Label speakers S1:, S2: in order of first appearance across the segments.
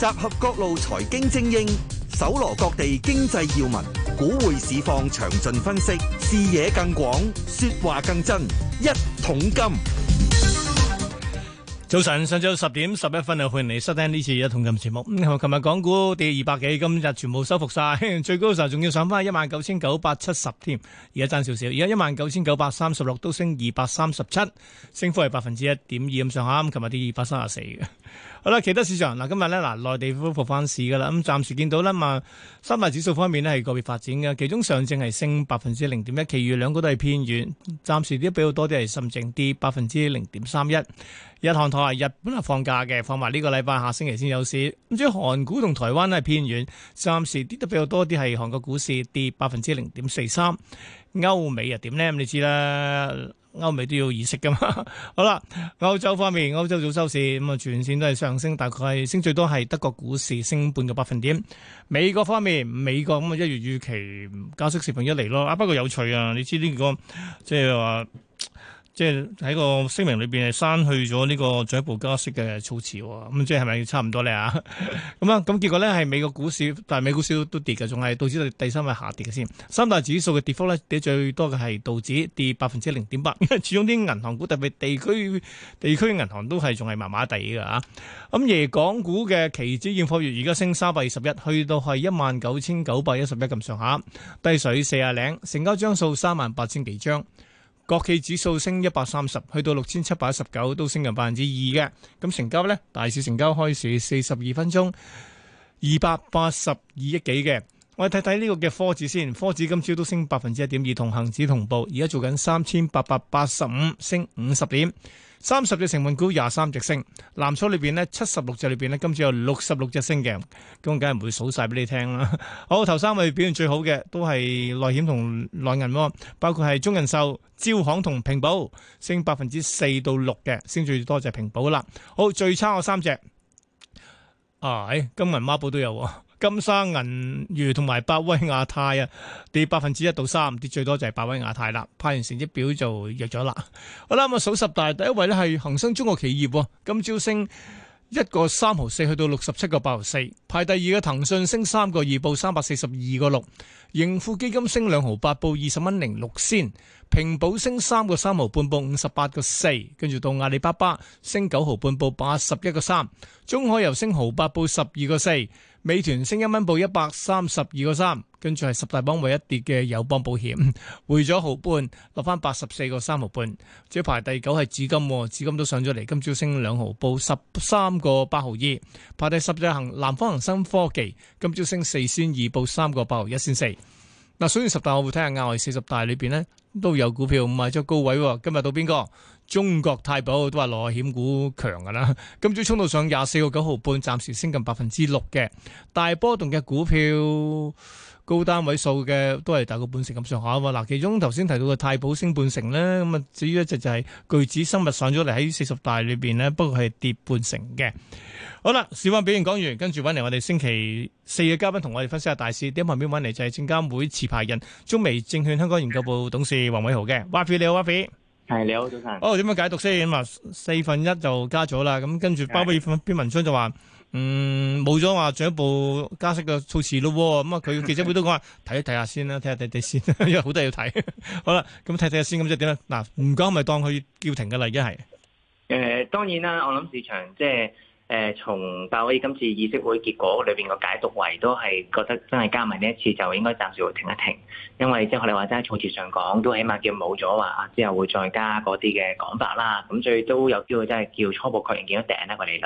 S1: 集合各路財經精英，搜羅各地經濟要聞，股匯市況詳盡分析，視野更廣，說話更真。一桶金。早晨，上晝十點十一分啊，歡迎嚟收聽呢次一桶金節目。琴日港股跌二百幾，今日全部收復晒，最高嘅時候仲要上返一萬九千九百七十添，而家爭少少，而家一萬九千九百三十六都升二百三十七，升幅係百分之一點二咁上下。琴日跌二百三十四嘅。好啦，其他市場嗱，今日咧嗱，內地恢復翻市㗎啦，咁暫時見到啦，嘛，三大指數方面呢係個別發展嘅，其中上證係升百分之零點一，其餘兩股都係偏軟，暫時跌得比較多啲係深證跌百分之零點三一，日韓台日本係放假嘅，放埋呢個禮拜下星期先有市，咁至於韓股同台灣咧係偏遠，暫時跌得比較多啲係韓國股市跌百分之零點四三，歐美又點呢？咁你知啦。歐美都要意識噶嘛，好啦，歐洲方面，歐洲早收市，咁啊全線都係上升，大概係升最多係德國股市升半個百分點。美國方面，美國咁啊一月預期加息四分一嚟咯，啊不過有趣啊，你知呢、這個即係話。就是即係喺個聲明裏邊係刪去咗呢個進一步加息嘅措辭，哦，咁即係咪差唔多咧啊？咁啊，咁結果咧係美國股市，但係美股市都跌嘅，仲係道指第三位下跌嘅先。三大指數嘅跌幅咧，跌最多嘅係道指跌百分之零點八，因為始終啲銀行股，特別地區地區銀行都係仲係麻麻地㗎吓。咁、啊、而港股嘅期指現貨月而家升三百二十一，去到係一萬九千九百一十一咁上下，低水四啊零，成交張數三萬八千幾張。國企指數升一百三十，去到六千七百一十九，都升近百分之二嘅。咁成交呢，大市成交開市四十二分鐘，二百八十二億幾嘅。我哋睇睇呢個嘅科指先，科指今朝都升百分之一點二，同恒指同步。而家做緊三千八百八十五，升五十點。三十隻成分股，廿三隻升。藍籌裏邊呢，七十六隻裏邊呢，今次有六十六隻升嘅，咁梗係唔會數晒俾你聽啦。好，頭三位表現最好嘅，都係內險同內銀，包括係中人壽、招行同平保，升百分之四到六嘅，升最多只平保啦。好，最差我三隻，啊，誒，金銀孖寶都有。金沙銀娛同埋百威亞太啊，跌百分之一到三，跌最多就係百威亞太啦。派完成績表就弱咗啦。好啦，咁數十大第一位呢係恒生中國企業，今朝升一個三毫四，去到六十七個八毫四。排第二嘅騰訊升三個二，報三百四十二個六。盈富基金升兩毫八，報二十蚊零六先。平保升三個三毫半，報五十八個四。跟住到阿里巴巴升九毫半，報八十一個三。中海油升毫八，報十二個四。美團升一蚊，報一百三十二個三，跟住係十大榜位一跌嘅友邦保險，回咗毫半，落翻八十四個三毫半。隻排第九係紫金，紫金都上咗嚟，今朝升兩毫，報十三個八毫二。排第十隻行南方恒生科技，今朝升四先二，報三個八毫一先四。嗱，所以十大我會睇下亞外四十大裏邊呢都有股票賣咗高位，今日到邊個？中國太保都話內險股強㗎喇，今朝衝到上廿四個九毫半，暫時升近百分之六嘅，大波動嘅股票，高單位數嘅都係大過半成咁上下。嗱，其中頭先提到嘅太保升半成呢，咁呀至於一隻就係巨子生物上咗嚟喺四十大裏邊呢，不過係跌半成嘅。好啦，市況表現講完，跟住搵嚟我哋星期四嘅嘉賓同我哋分析下大市。喺旁邊搵嚟就係證監會持牌人中微證券香港研究部董事黃偉豪嘅。Wafi 你好，Wafi。係，你好早晨。哦，點樣解讀先啊？四分一就加咗啦。咁跟住包括篇文章就話：嗯，冇咗話進一步加息嘅措辭咯。咁、嗯、 啊，佢記者會都講話睇一睇下先啦，睇下睇下先，因為有好多嘢睇。好啦，咁睇睇下先咁就點啦？嗱，唔講咪當佢叫停㗎啦，而家係。
S2: 誒，當然啦，我諗市場即係。誒，從大威今次議息會結果裏面個解讀，為都係覺得真係加埋呢一次，就應該暫時會停一停，因為即係我哋話真係措辭上講，都起碼叫冇咗話之後會再加嗰啲嘅講法啦。咁最都有機會真係叫初步確認見到頂一個利率。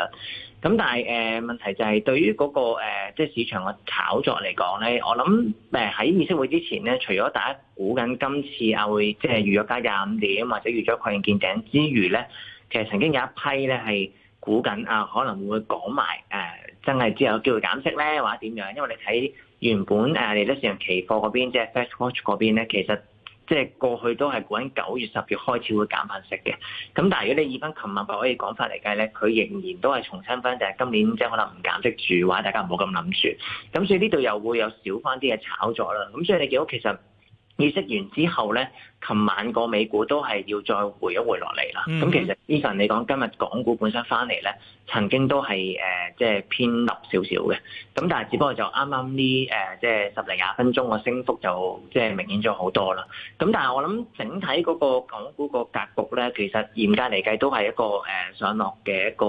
S2: 咁但係誒，問題就係對於嗰個誒，即係市場嘅炒作嚟講咧，我諗誒，喺議息會之前咧，除咗大家估緊今次啊，會即係預約加廿五點或者預咗確認見頂之餘咧，其實曾經有一批咧係。估緊啊，可能會講埋、啊、真係之後機會減息咧，或者點樣？因為你睇原本你利息市場期貨嗰邊，即係 FedWatch 嗰邊咧，其實即係過去都係估緊九月十月開始會減返息嘅。咁但係如果你以翻琴晚鮑威爾嘅講法嚟計咧，佢仍然都係重新翻定係今年即係可能唔減息住，話大家唔好咁諗住。咁所以呢度又會有少翻啲嘅炒作啦。咁所以你見到其實議息完之後咧。琴晚個美股都係要再回一回落嚟啦。咁、嗯、其實 Eason 你講今日港股本身翻嚟咧，曾經都係誒即係偏立少少嘅。咁但係只不過就啱啱呢誒即係十零廿分鐘個升幅就即係明顯咗好多啦。咁但係我諗整體嗰個港股個格局咧，其實嚴格嚟計都係一個誒、呃、上落嘅一個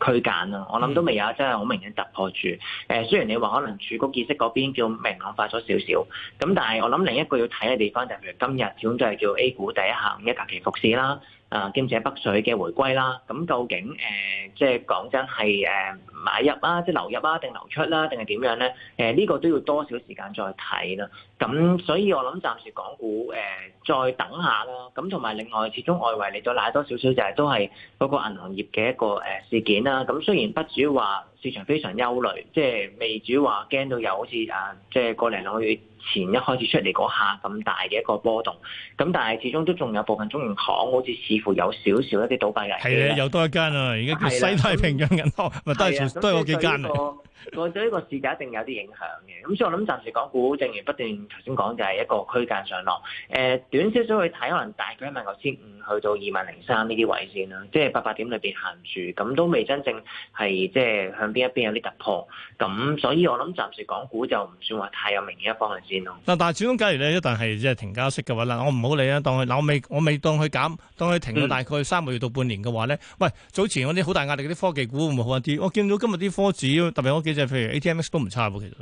S2: 誒區間啊、嗯。我諗都未有真係好明顯突破住。誒、呃、雖然你話可能主局意識嗰邊叫明朗化咗少少，咁但係我諗另一個要睇嘅地方就係譬如今日係叫 A 股第一下午一假期復市啦，啊兼且北水嘅回歸啦，咁、啊、究竟誒、呃、即係講真係誒、呃、買入啊，即係流入啊，定流出啦、啊，定係點樣咧？誒、呃、呢、這個都要多少時間再睇啦。咁、啊、所以我諗暫時港股誒、呃、再等一下啦。咁同埋另外，始終外圍嚟到拉多少少、就是，就係都係嗰個銀行業嘅一個誒事件啦。咁、啊啊、雖然不至於話市場非常憂慮，即係未至於話驚到又好似啊，即係個零兩個月。前一開始出嚟嗰下，咁大嘅一個波動，咁但係始終都仲有部分中型行好似似乎有少少一啲倒閉嘅。係啊，
S1: 有多一間啊，而家叫西太平洋銀行，咪、嗯、都係都係嗰幾間嚟。對呢個市
S2: 價一定有啲影響嘅，咁所以我諗暫時港股正如不斷頭先講，就係一個區間上落。誒、呃，短少少去睇，可能大概一萬六千五去到二萬零三呢啲位先啦，即係八百點裏邊限住，咁都未真正係即係向邊一邊有啲突破。咁所以我諗暫時港股就唔算話太有明顯一方向先咯。
S1: 嗱，但係始終假如咧一旦係即係停加息嘅話，嗱，我唔好理啦，當佢，我未我未當佢減，當佢停到大概三個月到半年嘅話咧、嗯，喂，早前嗰啲好大壓力嗰啲科技股會唔會好一啲？我見到今日啲科指，特別我。機制譬如 ATMS 都唔差，其實。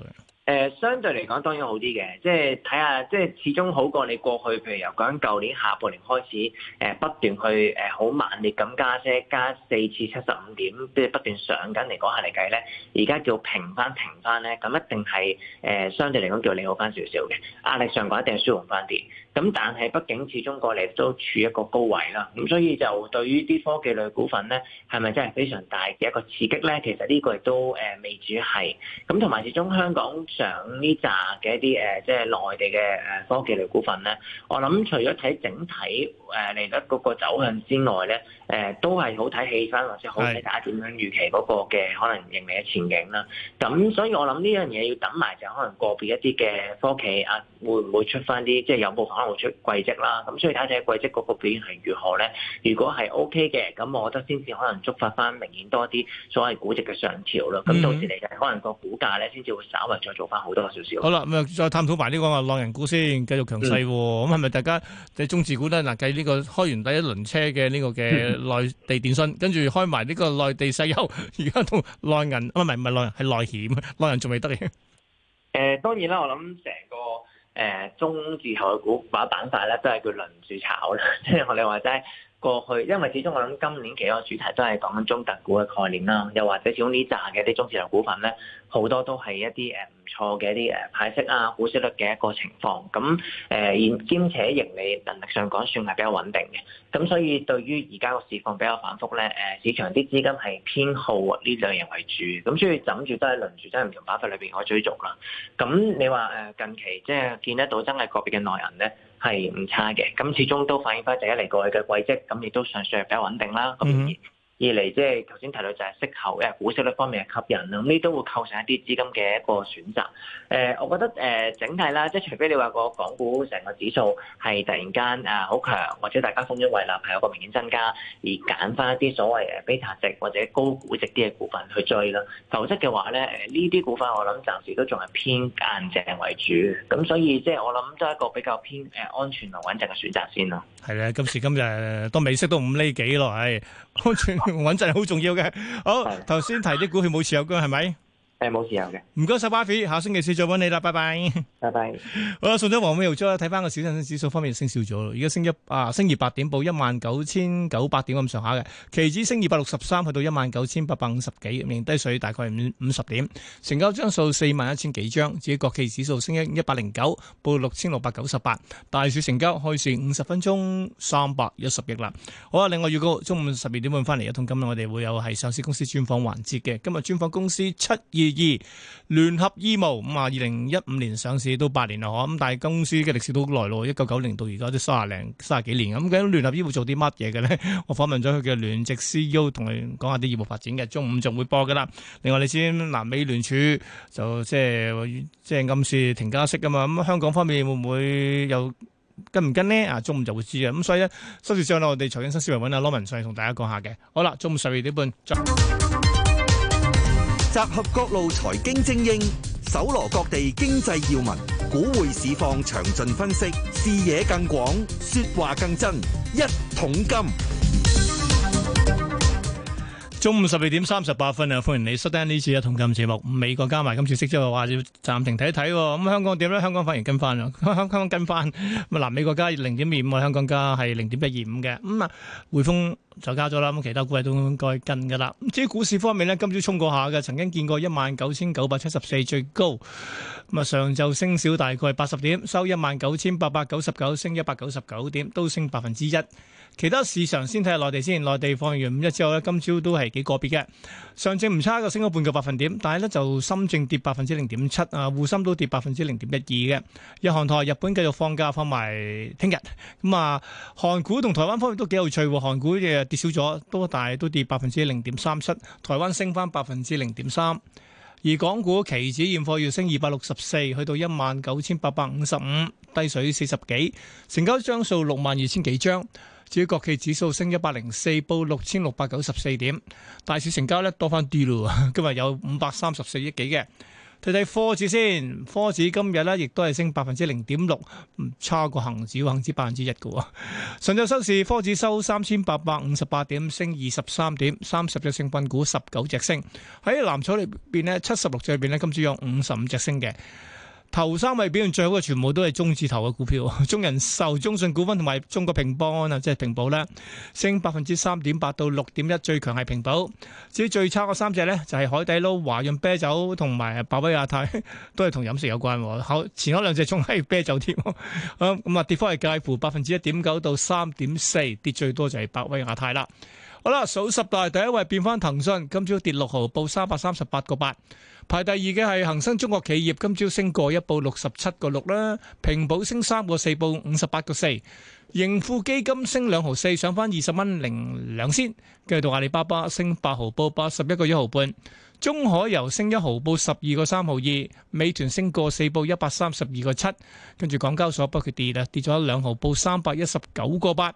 S2: 誒、呃、相對嚟講當然好啲嘅，即係睇下，即係始終好過你過去，譬如由講舊年下半年開始，誒、呃、不斷去誒好猛烈咁加息，加四次七十五點，即係不斷上緊嚟講下嚟計咧，而家叫平翻平翻咧，咁一定係誒、呃、相對嚟講叫利好翻少少嘅，壓力上講一定係舒緩翻啲。咁但係畢竟始終過嚟都處一個高位啦，咁所以就對於啲科技類股份咧，係咪真係非常大嘅一個刺激咧？其實呢個亦都、呃、未主係係。咁同埋始終香港。上呢扎嘅一啲、呃、即係內地嘅科技類股份咧，我諗除咗睇整體誒嚟得嗰個走向之外咧、呃，都係好睇氣氛，或者好睇大家點樣預期嗰個嘅、那個、可能盈利嘅前景啦。咁所以我諗呢樣嘢要等埋就可能個別一啲嘅科技啊，會唔會出翻啲即係有冇可能會出季績啦？咁所以睇睇季績嗰個表現係如何咧？如果係 O K 嘅，咁我覺得先至可能觸發翻明顯多啲所謂估值嘅上調咯。咁到時嚟講，可能個股價咧先至會稍為再做。翻好多少
S1: 少。好啦，咁啊，再探討埋呢個內銀股先，繼續強勢。咁係咪大家即係中字股呢？嗱，計呢個開完第一輪車嘅呢個嘅內地電信，跟、嗯、住開埋呢個內地石油，而家同內銀啊，唔係唔係內銀，係內險，內銀仲未得嘅。誒、
S2: 呃，當然啦，我諗成個誒、呃、中字頭嘅股把板塊咧，都係叫輪住炒啦，即係我哋話齋。過去，因為始終我諗今年幾個主題都係講緊中特股嘅概念啦，又或者始終呢扎嘅啲中字頭股份咧，好多都係一啲唔錯嘅一啲誒派息啊、股息率嘅一個情況。咁誒、呃、兼且盈利能力上講，算係比較穩定嘅。咁所以對於而家個市況比較反覆咧，誒市場啲資金係偏好呢兩樣為主。咁所以枕諗住都係輪住，真係唔同板塊裏面可以追逐啦。咁你話近期即係見得到真係個別嘅內銀咧？係唔差嘅，咁始終都反映翻第一嚟過去嘅軌跡，咁亦都尚算比較穩定啦。咁二嚟即係頭先提到就係息口，誒股息率方面係吸引啦，咁呢都會構成一啲資金嘅一個選擇。誒、呃，我覺得誒、呃、整體啦，即係除非你話個港股成個指數係突然間誒好強，或者大家風險為立，係有個明顯增加，而揀返一啲所謂誒 beta 值或者高估值啲嘅股份去追啦。投資嘅話咧，誒呢啲股份我諗暫時都仲係偏硬淨為主，咁所以即係、呃呃、我諗都係一個比較偏誒安全同穩陣嘅選擇先啦。
S1: 係啦，今時今日都未升到五厘幾咯，係、哎穩陣係好重要嘅。好，頭先提啲股票冇持有㗎，係咪？誒，冇自由嘅。唔該晒，Barry，下星期四再揾你啦，拜拜。拜拜。好啦，送咗黃美豪出睇翻個小陣指數方面升少咗咯，而家升一啊，升二八點，報一萬九千九百點咁上下嘅。期指升二百六十三，去到一萬九千八百五十幾，連低水大概五五十點。成交張數四萬一千幾張。至於國企指數升一一百零九，報六千六百九十八。大市成交開市五十分鐘三百一十億啦。好啦，另外預告中午十二點半翻嚟，一桶金今日我哋會有係上市公司專訪環節嘅。今日專訪公司七二二聯合醫務咁啊，二零一五年上市都八年啦嗬，咁但係公司嘅歷史都耐咯，一九九零到而家都三啊零三啊幾年咁。究竟聯合醫務做啲乜嘢嘅咧？我訪問咗佢嘅聯席 C E O，同佢講下啲業務發展嘅。中午仲會播噶啦。另外你知，美聯儲就即係即係暗示停加息噶嘛，咁香港方面會唔會有跟唔跟呢？啊，中午就會知嘅。咁所以收市上落，我哋財經新思維揾阿羅文上嚟同大家講下嘅。好啦，中午十二點半。集合各路財
S3: 經精英，
S1: 搜羅各地經濟要聞，股匯市況詳盡分析，視野更廣，説話更真，一桶金。中午十二點三十八分啊，歡迎你收聽呢次嘅一桶金節目。美國加埋今次息之後，話要暫停睇一睇。咁香港點咧？香港反而跟翻啦，香港跟翻。咁啊，南美國加零點二五，香港加係零點一二五嘅。咁啊，匯豐就加咗啦。咁其他股價都應該跟噶啦。咁至於股市方面咧，今朝衝過下嘅，曾經見過一萬九千九百七十四最高。咁啊，上晝升少大概八十點，收一萬九千八百九十九，升一百九十九點，都升百分之一。其他市場先睇下內地先。內地放完五一之後呢，今朝都係幾個別嘅上證唔差嘅，升咗半個百分點。但係呢，就深證跌百分之零點七啊，滬深都跌百分之零點一二嘅。日韓台，日本繼續放假，放埋聽日咁啊。韓股同台灣方面都幾有趣喎。韓股嘅跌少咗，都大都跌百分之零點三七。台灣升返百分之零點三，而港股期指現貨要升二百六十四，去到一萬九千八百五十五，低水四十幾，成交張數六萬二千幾張。至於國企指數升一百零四，報六千六百九十四點。大市成交咧多翻啲咯，今日有五百三十四億幾嘅。睇睇科指先，科指今日呢亦都係升百分之零點六，唔差過恒指，恆指百分之一嘅。上晝收市，科指收三千八百五十八點，升二十三點，三十隻成份股，十九隻升。喺藍籌裏邊呢，七十六隻裏邊呢，今朝有五十五隻升嘅。頭三位表現最好嘅全部都係中字頭嘅股票，中人壽、中信股份同埋中國平保啊，即係平保咧，升百分之三點八到六點一，最強係平保。至於最差嘅三隻咧，就係海底撈、華潤啤酒同埋百威亞太，都係同飲食有關。好，前嗰兩隻仲係啤酒添。好，咁啊，跌幅係介乎百分之一點九到三點四，跌最多就係百威亞太啦。好啦，數十大第一位變翻騰訊，今朝跌六毫，報三百三十八個八。排第二嘅係恒生中國企業，今朝升過一，報六十七個六啦。平保升三個四，報五十八個四。盈富基金升兩毫四，上翻二十蚊零兩仙。繼續到阿里巴巴，升八毫，報八十一個一毫半。中海油升一毫，報十二個三毫二。美團升過四，報一百三十二個七。跟住港交所不缺跌啊，跌咗兩毫報，報三百一十九個八。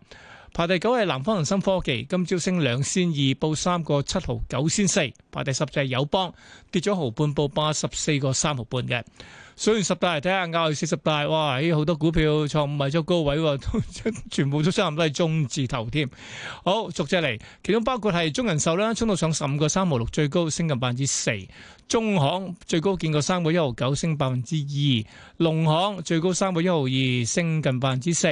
S1: 排第九係南方恒生科技，今朝升兩仙二，報三個七毫九仙四。排第十就係友邦，跌咗毫半，報八十四個三毫半嘅。數完十大嚟，睇下，咬住四十大，哇！依好多股票創唔埋咗高位 全部都上都係中字頭添。好，逐隻嚟，其中包括係中人壽啦，沖到上十五個三毫六，最高升近百分之四。中行最高見過三個一毫九，升百分之二。農行最高三個一毫二，升近百分之四。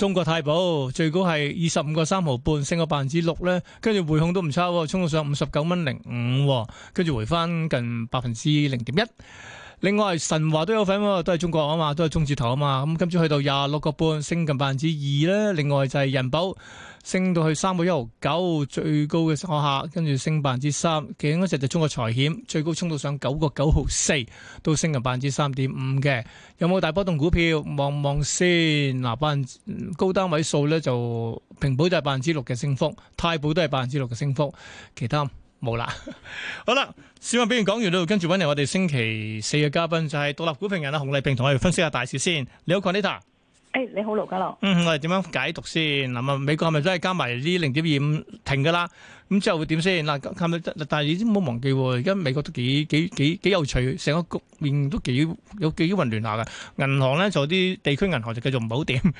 S1: 中國太保最高係二十五個三毫半，升個百分之六呢，跟住匯控都唔差，衝到上五十九蚊零五，跟住回翻近百分之零點一。另外神華都有份喎，都係中國啊嘛，都係中字頭啊嘛。咁今朝去到廿六個半，升近百分之二咧。另外就係人保升到去三個一毫九，最高嘅上下，跟住升百分之三。其實就就中國財險最高衝到上九個九毫四，都升近百分之三點五嘅。有冇大波動股票？望望先。嗱，百分之高單位數咧就平保就係百分之六嘅升幅，太保都係百分之六嘅升幅，其他。冇啦， 好啦，市民比喻講完啦，跟住揾嚟我哋星期四嘅嘉賓就係、是、獨立股評人啦，洪麗萍同我哋分析一下大市先。你好，Conita。誒、欸，你好，盧家樂。嗯，我哋點樣解讀先？嗱，啊，美國係咪真係加埋呢零點二五停噶啦？咁之後會點先？嗱，但係你唔好忘記，而家美國都幾幾幾幾有趣，成個局面都幾有幾混亂下㗎。銀行咧就啲地區銀行就繼續唔好點。咁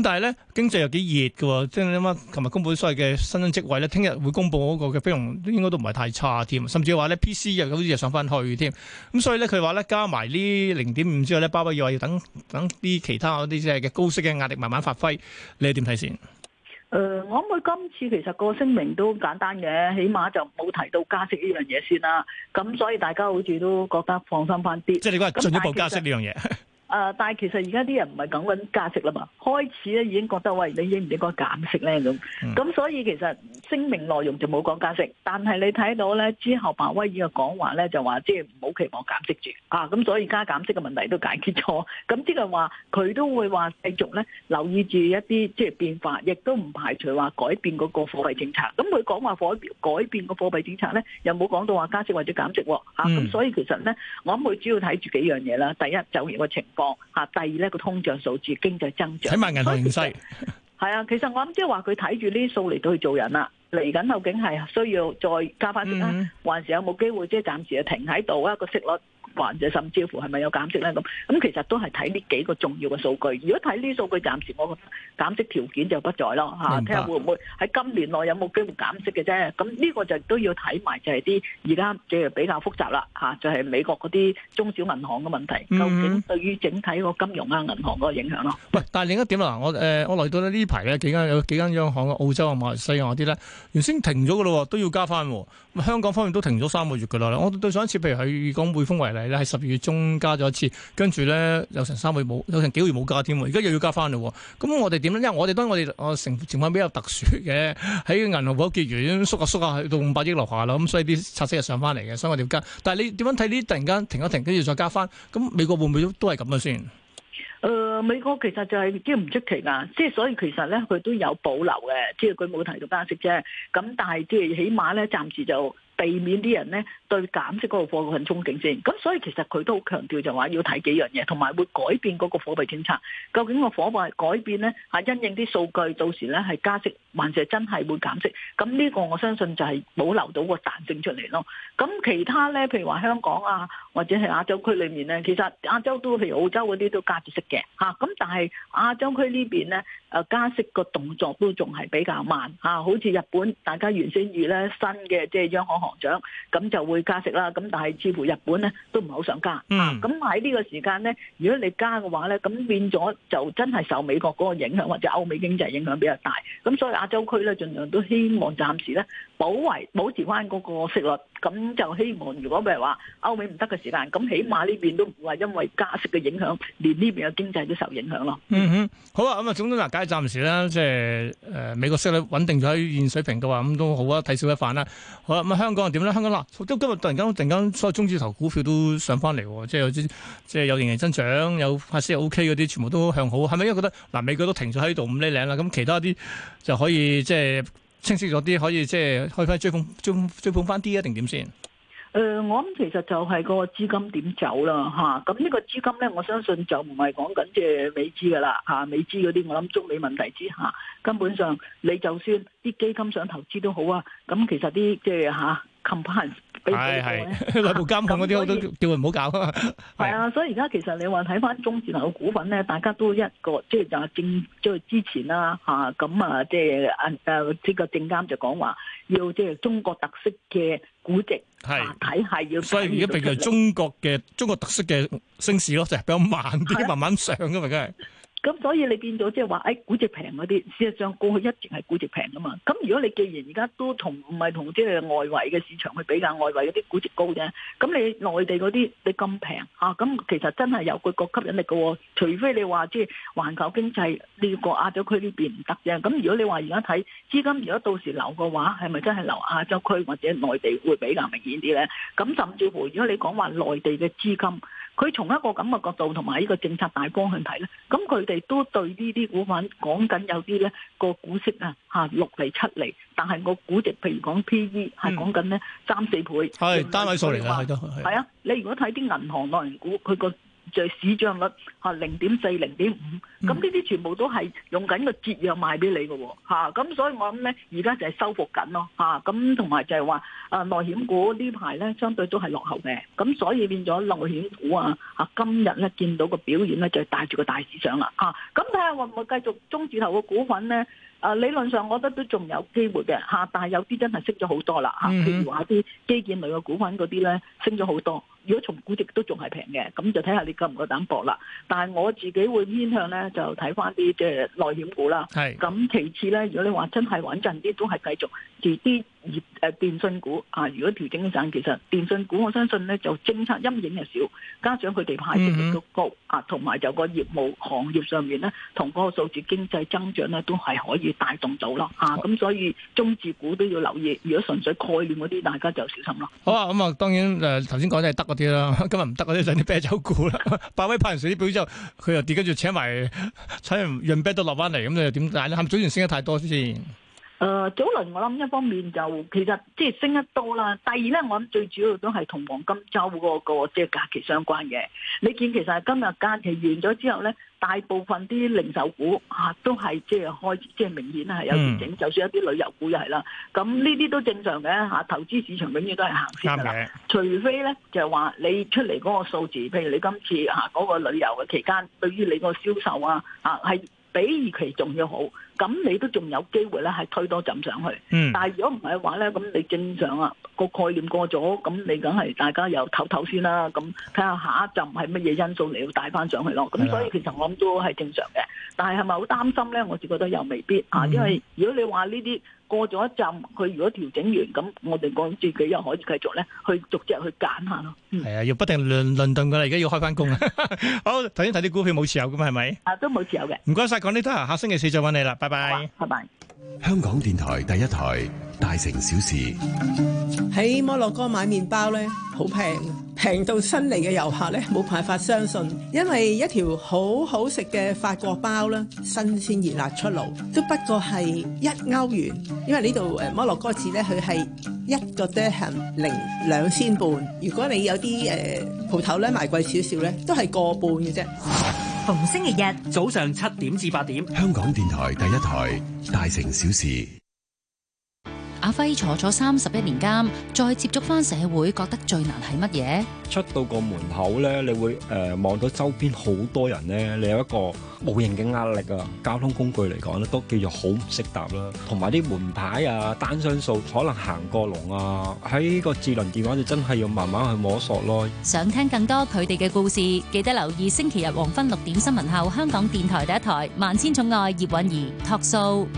S1: 但係咧經濟又幾熱喎。即係啱啱琴日公布所謂嘅新增職位咧，聽日會公佈嗰個嘅非農應該都唔係太差添。甚至話呢 PC 又好似又上翻去添。咁所以咧佢話咧加埋呢零點五之後咧，鮑威爾要等等啲其他嗰啲即係嘅高息嘅壓力慢慢發揮。你點睇先？
S4: 誒、呃，我諗佢今次其實個聲明都簡單嘅，起碼就冇提到加息呢樣嘢先啦。咁所以大家好似都覺得放心翻啲。即係你講緊進一步加息呢樣嘢？誒，但係其實而家啲人唔係講緊加息啦嘛，開始咧已經覺得喂，你應唔應該減息咧咁，咁所以其實聲明內容就冇講加息，但係你睇到咧之後，鮑威爾嘅講話咧就話即係唔好期望減息住，啊，咁所以加減息嘅問題都解決咗，咁即係話佢都會話繼續咧留意住一啲即係變化，亦都唔排除話改變嗰個貨幣政策。咁佢講話改改變個貨幣政策咧，又冇講到話加息或者減息喎，嚇，咁所以其實咧，我諗佢主要睇住幾樣嘢啦，第一就業嘅情。吓，第二咧個通脹數字、經濟增
S1: 長，睇埋銀行形勢。
S4: 係 啊，其實我諗即係話佢睇住呢啲數嚟到去做人啦。嚟緊究竟係需要再加翻息啦，還是有冇機會即係暫時係停喺度啊個息率？或者甚至乎係咪有減息咧？咁咁其實都係睇呢幾個重要嘅數據。如果睇呢啲數據，暫時我覺得減息條件就不在咯嚇。睇下會唔會喺今年內有冇機會減息嘅啫。咁呢個就都要睇埋就係啲而家嘅比較複雜啦嚇，就係美國嗰啲中小銀行嘅問題，究竟對於整體個金融啊銀行嗰個影響咯。
S1: 喂，但係另一點啦，我誒我嚟到咧呢排咧幾間有幾間央行，澳洲啊、馬來西亞嗰啲咧，原先停咗嘅咯，都要加翻。咁香港方面都停咗三個月嘅啦。我對上一次譬如係講匯豐為例。你係十二月中加咗一次，跟住咧有成三個月冇，有成幾個月冇加添喎。而家又要加翻嘞，咁我哋點咧？因為我哋當然我哋我情情況比較特殊嘅，喺銀行結餘縮下縮下去到五百億樓下啦，咁所以啲拆息又上翻嚟嘅，所以我哋要加。但係你點樣睇呢？突然間停一停，跟住再加翻，咁美國會唔會都都係咁啊先？
S4: 誒，美國其實就係啲唔出奇噶即係所以其實咧佢都有保留嘅，即係佢冇提到加息啫。咁但係即係起碼咧，暫時就。避免啲人咧對減息嗰個貨很憧憬先，咁所以其實佢都好強調就話要睇幾樣嘢，同埋會改變嗰個貨幣政策。究竟個貨幣改變咧，啊因應啲數據到時咧係加息，還是真係會減息？咁呢個我相信就係保留到個彈性出嚟咯。咁其他咧，譬如話香港啊，或者係亞洲區裏面咧，其實亞洲都譬如澳洲嗰啲都加住息嘅嚇。咁但係亞洲區這邊呢邊咧，誒加息個動作都仲係比較慢嚇，好似日本大家原先預咧新嘅即係央行行。長咁就會加息啦，咁但係似乎日本咧都唔係好想加啊。咁喺呢個時間咧，如果你加嘅話咧，咁變咗就真係受美國嗰個影響或者歐美經濟影響比較大。咁所以亞洲區咧盡量都希望暫時咧保維保持翻嗰個息率。咁就希望如果譬如話歐美唔得嘅時間，咁起碼呢邊都唔會話因為加息嘅影響，連呢邊嘅經濟都受影響咯。嗯
S1: 哼，好啊，咁啊，總之嗱，梗係暫時咧，即係誒美國息率穩定咗喺現水平嘅話，咁都好啊，睇少一範啦。好啦，咁香港。講下點咧？香港嗱，即、啊、今日突然間，突然間所有中字頭股票都上翻嚟，即係有即係有盈利增長，有派息 OK 嗰啲，全部都向好。係咪因為覺得嗱，美國都停咗喺度五厘零啦？咁其他啲就可以即係清晰咗啲，可以即係開翻追風追捧追翻翻啲一定點先？
S4: 誒、呃，我諗其實就係個資金點走啦、啊、吓。咁呢個資金咧，我相信就唔係講緊即係美資噶啦吓，美資嗰啲我諗中美問題之下，根本上你就算啲基金想投資都好啊。咁其實啲即係吓。啊近排
S1: 俾啲咩咧？內部監控嗰啲我都叫佢唔好搞
S4: 啊！係 啊，所以而家其實你話睇翻中字頭嘅股份咧，大家都一個即係就係政即係之前啦嚇咁啊，即係啊誒，呢、啊啊啊啊啊啊呢個證監就講話要即係中國特色嘅估值係睇係要，所以而家譬如中
S1: 國嘅中國特色嘅升市咯，就係比較慢啲、啊，慢慢上㗎嘛，梗係。
S4: 咁所以你變咗即係話，誒、哎、估值平嗰啲，事實上過去一直係估值平㗎嘛。咁如果你既然而家都同唔係同即係外圍嘅市場去比較，外圍嗰啲估值高嘅，咁你內地嗰啲你咁平嚇，咁、啊、其實真係有個個吸引力㗎喎、哦。除非你話即係環球經濟呢個亞洲區呢邊唔得啫。咁如果你話而家睇資金，如果到時流嘅話，係咪真係流亞洲區或者內地會比較明顯啲咧？咁甚至乎如果你講話內地嘅資金。佢從一個咁嘅角度同埋呢個政策大方向睇咧，咁佢哋都對呢啲股份講緊有啲咧個股息啊嚇六厘七厘，但係個估值譬如講 PE 係講緊咧三四倍，
S1: 係單位數嚟嘅，係啊，
S4: 你如果睇啲銀行內銀股，佢個就市賬率嚇零點四零點五，咁呢啲全部都係用緊個折讓賣俾你嘅，吓咁所以我諗咧，而家就係修復緊咯，吓咁同埋就係話，誒內險股呢排咧相對都係落後嘅，咁所以變咗內險股啊，吓今日咧見到個表現咧就係帶住個大市上啦，吓咁睇下會唔會繼續中字頭嘅股份咧？誒理論上我覺得都仲有機會嘅吓，但係有啲真係升咗好多啦吓，譬如話啲基建類嘅股份嗰啲咧升咗好多。如果從估值都仲係平嘅，咁就睇下你夠唔夠膽搏啦。但係我自己會偏向咧，就睇返啲嘅內險股啦。係。咁其次咧，如果你話真係穩陣啲，都係繼續遲啲。業誒，電信股啊，如果調整得，其實電信股我相信咧，就政策陰影又少，加上佢哋派息亦都高啊，同埋就個業務行業上面咧，同嗰個數字經濟增長咧都係可以帶動到咯啊！咁所以中字股都要留意，如果純粹概念嗰啲，大家就小心咯。
S1: 好啊，咁、嗯嗯嗯、啊、嗯，當然誒，頭先講都係得嗰啲啦，今日唔得嗰啲就啲啤酒股啦。 百威派噴水表之後，佢又跌，跟住請埋請人潤啤都落翻嚟，咁你又點解咧？係咪早段升得太多先。
S4: 誒、呃、早輪我諗一方面就其實即係升得多啦，第二咧我諗最主要都係同黃金周嗰、那個即係、就是、假期相關嘅。你見其實今日假期完咗之後咧，大部分啲零售股、啊、都係即係開始，即、就、係、是、明顯係有調整、嗯。就算有啲旅遊股又係啦，咁呢啲都正常嘅、啊、投資市場永遠都係行先嘅啦，除非咧就係話你出嚟嗰個數字，譬如你今次嗰個旅遊嘅期間，對於你個銷售啊係。啊比預期仲要好，咁你都仲有機會咧，係推多浸上去。嗯、但係如果唔係嘅話咧，咁你正常啊、個概念過咗，咁你梗係大家又唞唞先啦。咁睇下下一浸係乜嘢因素嚟要帶翻上去咯。咁所以其實我諗都係正常嘅，但係係咪好擔心咧？我自覺得又未必啊，因為如果你話呢啲。過咗一陣，佢如果調整完，咁我哋講住佢又可以繼續咧，去逐隻去揀
S1: 下咯。係啊，要不停輪輪頓噶啦，而家要開返工啦。好，頭先睇啲股票冇持有噶嘛，係咪？啊，
S4: 都冇持有
S1: 嘅。唔該晒，講呢啲啊，下星期四再搵你啦。拜拜，拜拜。香港電台第一台《大城小事》。
S4: 喺摩洛哥買麵包咧，好平，平到新嚟嘅遊客咧冇辦法相信，因為一條好好食嘅法國包啦，新鮮熱辣出爐，都不過係一歐元。因為呢度誒摩洛哥字咧，佢係一個咧係零兩千半。如果你有啲誒鋪頭咧賣貴少少咧，都係個半嘅啫。
S1: 逢星期日早上七點至八
S3: 點，香港電台第一台《大城小事》。
S5: 阿輝坐咗三十一年監，再接觸翻社會，覺得最難係乜嘢？
S3: 出到個門口咧，你會誒望到周邊好多人咧，你有一個無形嘅壓力啊。交通工具嚟講咧，都叫做好唔識搭啦。同埋啲門牌啊、單雙數，可能行過龍啊，喺個智能電話就真係要慢慢去摸索咯。想聽更
S4: 多佢哋嘅故事，記得留意星期日黃昏六點新聞後，香港電台第一台《萬千寵愛葉蘊儀》託數。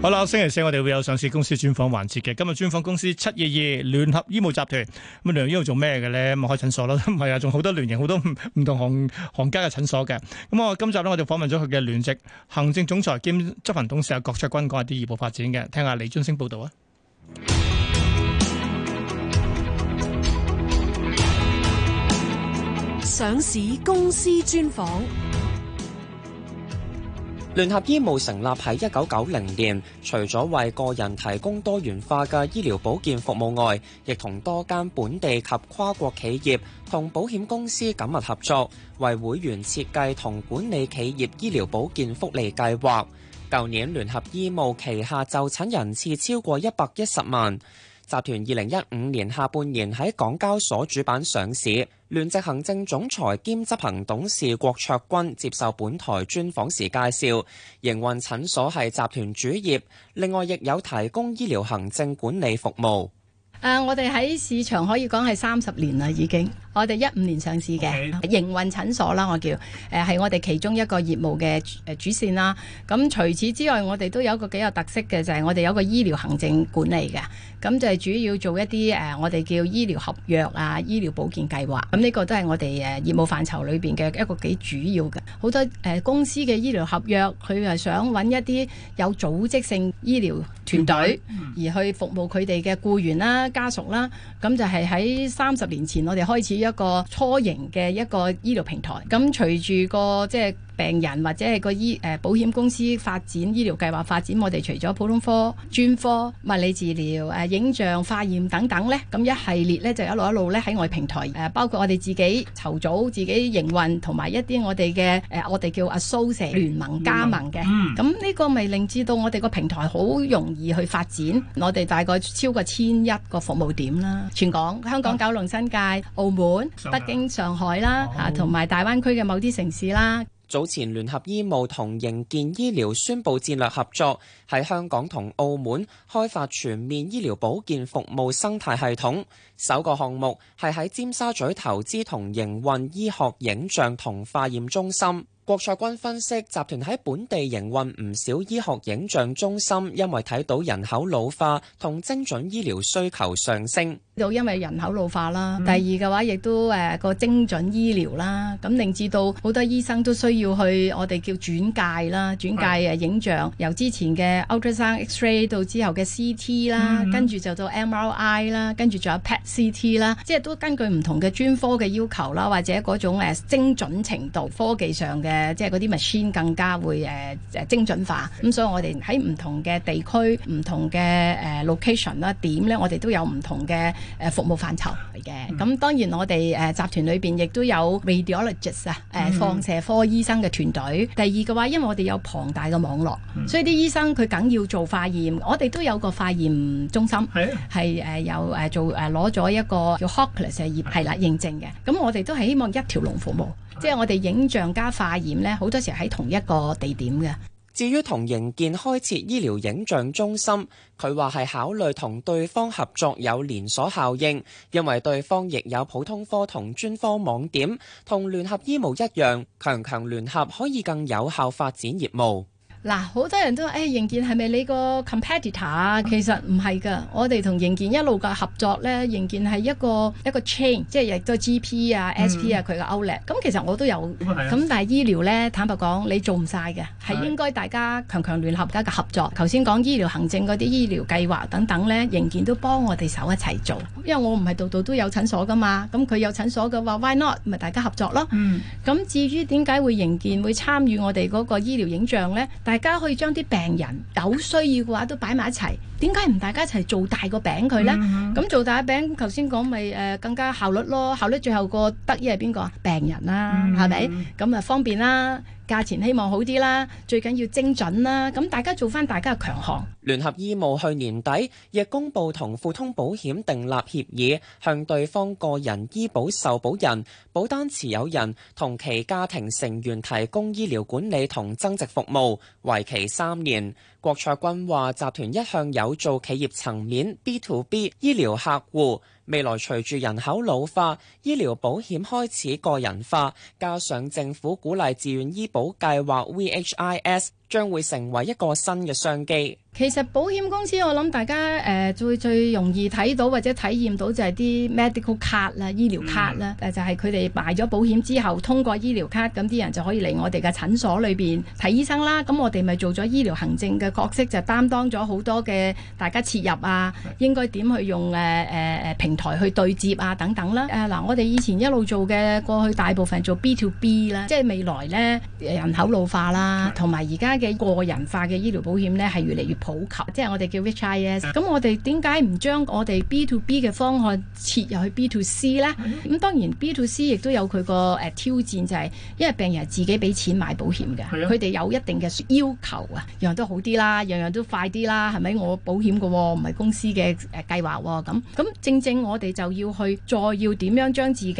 S1: 好啦，星期四我哋會有上市公司專訪環節嘅。今日專訪公司七二二聯合醫務集團。咁聯合醫務做咩嘅咧？開診所咯，唔係啊，仲好多聯營好多唔同行行家嘅診所嘅。咁啊，今集咧我哋訪問咗佢嘅聯席行政總裁兼執行董事阿郭卓軍，講下啲業務發展嘅。聽下李尊升報道啊！
S5: 上市公司專訪。
S3: 聯合醫務成立喺一九九零年，除咗為個人提供多元化嘅醫療保健服務外，亦同多間本地及跨國企業同保險公司緊密合作，為會員設計同管理企業醫療保健福利計劃。舊年聯合醫務旗下就診人次超過一百一十萬，集團二零一五年下半年喺港交所主板上市。聯席行政總裁兼執行董事郭卓君接受本台專訪時介紹，營運診所係集團主業，另外亦有提供醫療行政管理服務。
S5: 誒、啊，我哋喺市場可以講係三十年啦，已經。我哋一五年上市嘅營運診所啦，我叫誒係我哋其中一個業務嘅誒主線啦。咁除此之外，我哋都有一個幾有特色嘅，就係、是、我哋有個醫療行政管理嘅。咁就係主要做一啲誒我哋叫醫療合約啊、醫療保健計劃，咁呢個都係我哋誒業務範疇裏邊嘅一個幾主要嘅。好多誒公司嘅醫療合約佢係想揾一啲有組織性醫療團隊而去服務佢哋嘅僱員啦、家屬啦。咁就係喺三十年前，我哋開始。一個初型嘅一個醫療平台，咁隨住個即係。病人或者係個醫誒保險公司發展醫療計劃發展，我哋除咗普通科、專科、物理治療、誒、啊、影像、化驗等等咧，咁一系列咧就一路一路咧喺我哋平台誒、啊，包括我哋自己籌組、自己營運同埋一啲我哋嘅誒，我哋叫 associate 聯盟加盟嘅，咁呢、嗯、個咪令至到我哋個平台好容易去發展，我哋大概超過千一個服務點啦，全港、香港、啊、九龍、新界、澳門、北京、上海啦，嚇同埋大灣區嘅某啲城市啦。
S3: 早前聯合醫務同營建醫療宣布戰略合作，喺香港同澳門開發全面醫療保健服務生態系統。首個項目係喺尖沙咀投資同營運醫學影像同化驗中心。郭賽君分析集團喺本地營運唔少醫學影像中心，因為睇到人口老化同精準醫療需求上升。
S5: 就因為人口老化啦、嗯，第二嘅話亦都誒個精準醫療啦，咁令至到好多醫生都需要去我哋叫轉介啦，轉介誒影像、嗯、由之前嘅 ultrasound、X-ray 到之後嘅 CT 啦、嗯嗯，跟住就到 MRI 啦，跟住仲有 PET、CT 啦，即係都根據唔同嘅專科嘅要求啦，或者嗰種誒精準程度、科技上嘅。誒，即係嗰啲 machine 更加會誒誒精準化，咁、嗯、所以我哋喺唔同嘅地區、唔同嘅誒、呃、location 啦點咧，我哋都有唔同嘅誒服務範疇嚟嘅。咁、嗯、當然我哋誒集團裏邊亦都有 radiologists 啊，誒放射科醫生嘅團隊。嗯、第二嘅話，因為我哋有龐大嘅網絡，嗯、所以啲醫生佢梗要做化驗，我哋都有個化驗中心，係誒有誒做誒攞咗一個叫 HOKLAS 嘅係啦認證嘅。咁我哋都係希望一條龍服務。即係我哋影像加化驗咧，好多
S3: 時候喺同一個地點嘅。至於同盈健開設醫療影像中心，佢話係考慮同對方合作有連鎖效應，因為對方亦有普通科同專科網點，同聯合醫務一樣，強強聯合可以更有效發展業務。
S5: 嗱，好多人都話，誒、哎，營建係咪你個 competitor 啊、嗯？其實唔係噶，我哋同營建一路嘅合作咧，營建係一個一個 chain，即係亦都 GP 啊、嗯、SP 啊佢嘅 outlet，咁其實我都有，咁、嗯、但係醫療咧，坦白講，你做唔晒嘅，係應該大家強強聯合加嘅合作。頭先講醫療行政嗰啲醫療計劃等等咧，營建都幫我哋手一齊做，因為我唔係度度都有診所噶嘛。咁佢有診所嘅話，why not？咪大家合作咯。咁、嗯、至於點解會營建會參與我哋嗰個醫療影像咧？大家可以將啲病人有需要嘅話，都，都擺埋一齊。點解唔大家一齊做大個餅佢呢？咁、mm-hmm. 做大個餅，頭先講咪誒更加效率咯，效率最後個得益係邊個啊？病人啦，係咪？咁、mm-hmm. 啊方便啦，價錢希望好啲啦，最緊要精準啦。咁大家做翻大家嘅強項。
S3: 聯合醫務去年底亦公布同富通保險訂立協議，向對方個人醫保受保人、保單持有人同其家庭成員提供醫療管理同增值服務，為期三年。郭賽君話：集團一向有做企業層面 B to B 醫療客戶，未來隨住人口老化，醫療保險開始個人化，加上政府鼓勵自願醫保計劃 VHIS。將會成為一個新嘅商機。其實保險公司，
S5: 我諗大家誒、呃、最最容易睇到或者體驗到就係啲 medical card 啦、醫療卡啦。誒就係佢哋買咗保險之後，通過醫療卡，咁啲人就可以嚟我哋嘅診所裏邊睇醫生啦。咁我哋咪做咗醫療行政嘅角色，就擔當咗好多嘅大家切入啊，嗯、應該點去用誒誒誒平台去對接啊等等啦。誒、呃、嗱，我哋以前一路做嘅，過去大部分做 B to B 啦，即係未來呢人口老化啦，同埋而家。嘅個人化嘅醫療保險咧，係越嚟越普及，即係我哋叫 VHIS。咁我哋點解唔將我哋 B to B 嘅方案切入去 B to C 呢？咁當然 B to C 亦都有佢個誒挑戰，就是，就係因為病人係自己俾錢買保險嘅，佢哋有一定嘅要求啊，樣樣都好啲啦，樣樣都快啲啦，係咪？我保險嘅唔係公司嘅誒計劃喎，咁咁正正我哋就要去再要點樣將自己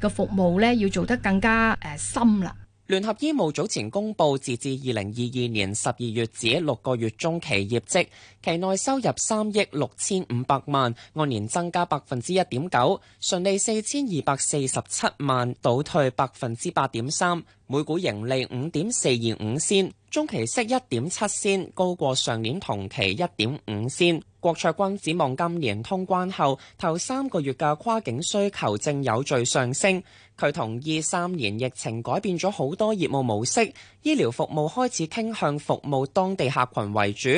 S5: 嘅服務呢，要做得更加誒深啦。
S3: 聯合醫務早前公布截至二零二二年十二月止六個月中期業績，期內收入三億六千五百萬，按年增加百分之一點九，純利四千二百四十七萬，倒退百分之八點三，每股盈利五點四二五仙，中期息一點七仙，高過上年同期一點五仙。郭卓君展望今年通關後，頭三個月嘅跨境需求正有序上升。佢同意三年疫情改變咗好多業務模式，醫療服務開始傾向服務當地客群為主。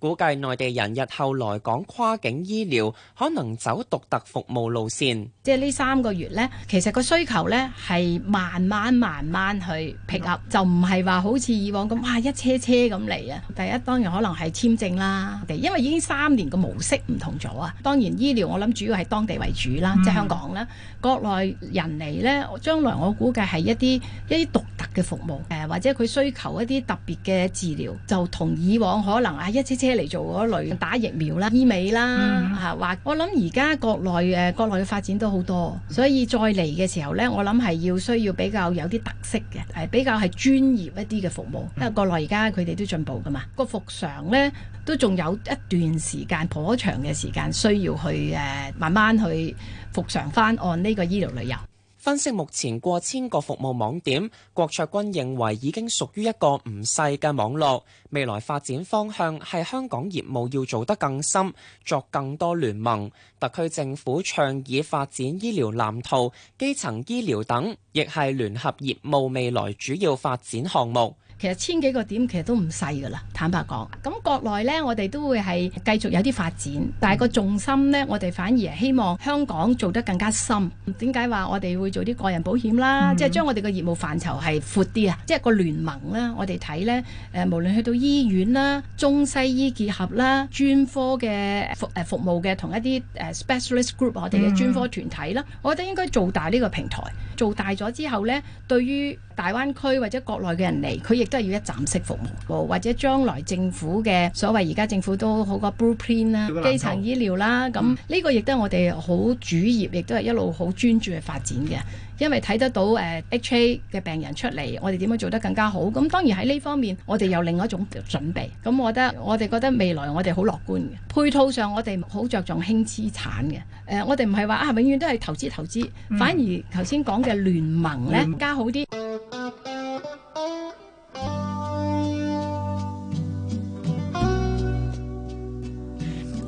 S3: 估計內地人日後來港跨境醫療可能走獨特服務路線，即係呢三
S5: 個月咧，其實個需求咧係慢慢慢慢去配合，就唔係話好似以往咁，哇一車車咁嚟啊！第一當然可能係簽證啦，因為已經三年個模式唔同咗啊。當然醫療我諗主要係當地為主啦，嗯，即係香港咧，國內人嚟咧。將來我估計係一啲一啲獨特嘅服務，誒、呃、或者佢需求一啲特別嘅治療，就同以往可能啊一車車嚟做嗰類打疫苗啦、醫美啦吓。話、嗯啊、我諗而家國內誒、呃、國內嘅發展都好多，所以再嚟嘅時候呢，我諗係要需要比較有啲特色嘅、呃，比較係專業一啲嘅服務。因為國內而家佢哋都進步㗎嘛，個復常呢都仲有一段時間，頗長嘅時間需要去誒、呃、慢慢去復常翻，按呢個
S3: 醫療旅遊。分析目前過千個服務網點，郭卓君認為已經屬於一個唔細嘅網絡。未來發展方向係香港業務要做得更深，作更多聯盟。特區政府倡議發展醫療藍圖、基層醫療等，亦係聯合業務未來主要發展項目。
S5: 其實千幾個點其實都唔細噶啦，坦白講。咁國內咧，我哋都會係繼續有啲發展，但係個重心咧，我哋反而係希望香港做得更加深。點解話我哋會做啲個人保險啦？嗯、即係將我哋嘅業務範疇係闊啲啊！即係個聯盟啦，我哋睇咧，誒、呃，無論去到醫院啦、中西醫結合啦、專科嘅服誒服務嘅同一啲誒 specialist group，我哋嘅專科團體啦、嗯，我覺得應該做大呢個平台。做大咗之後咧，對於大灣區或者國內嘅人嚟，佢亦都係要一站式服務，或者將來政府嘅所謂而家政府都好，個 blueprint 啦，基層醫療啦，咁、嗯、呢個亦都係我哋好主業，亦都係一路好專注去發展嘅。因為睇得到誒、呃、HA 嘅病人出嚟，我哋點樣做得更加好？咁當然喺呢方面，我哋有另外一種準備。咁我覺得我哋覺得未來我哋好樂觀嘅。配套上我哋好着重輕資產嘅。誒、呃，我哋唔係話啊永遠都係投資投資、嗯，反而頭先講嘅聯盟咧、嗯、加好啲。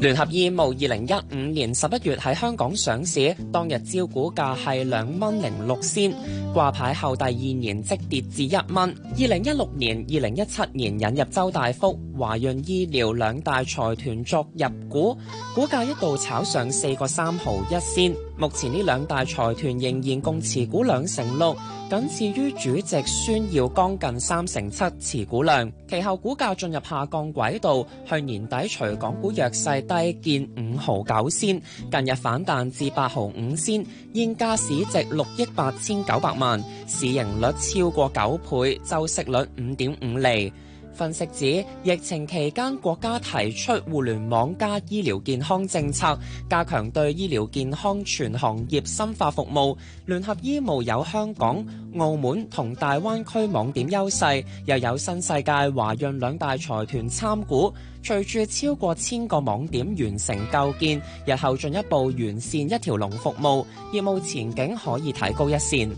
S3: 聯合醫務二零一五年十一月喺香港上市，當日招股價係兩蚊零六仙。掛牌後第二年即跌至一蚊。二零一六年、二零一七年引入周大福、華潤醫療兩大財團作入股，股價一度炒上四個三毫一仙。目前呢兩大財團仍然共持股兩成六，僅次於主席孫耀江近三成七持股量。其後股價進入下降軌道，去年底隨港股弱勢，低見五毫九仙，近日反彈至八毫五仙，現價市值六億八千九百萬，市盈率超過九倍，收息率五點五厘。分析指疫情期間，國家提出互聯網加醫療健康政策，加強對醫療健康全行業深化服務，聯合醫務有香港、澳門同大灣區網點優勢，又有新世界、華潤兩大財團參股。隨住超過千個網點完成構建，日後進一步完善一條龍服務，業務前景可以睇高一線。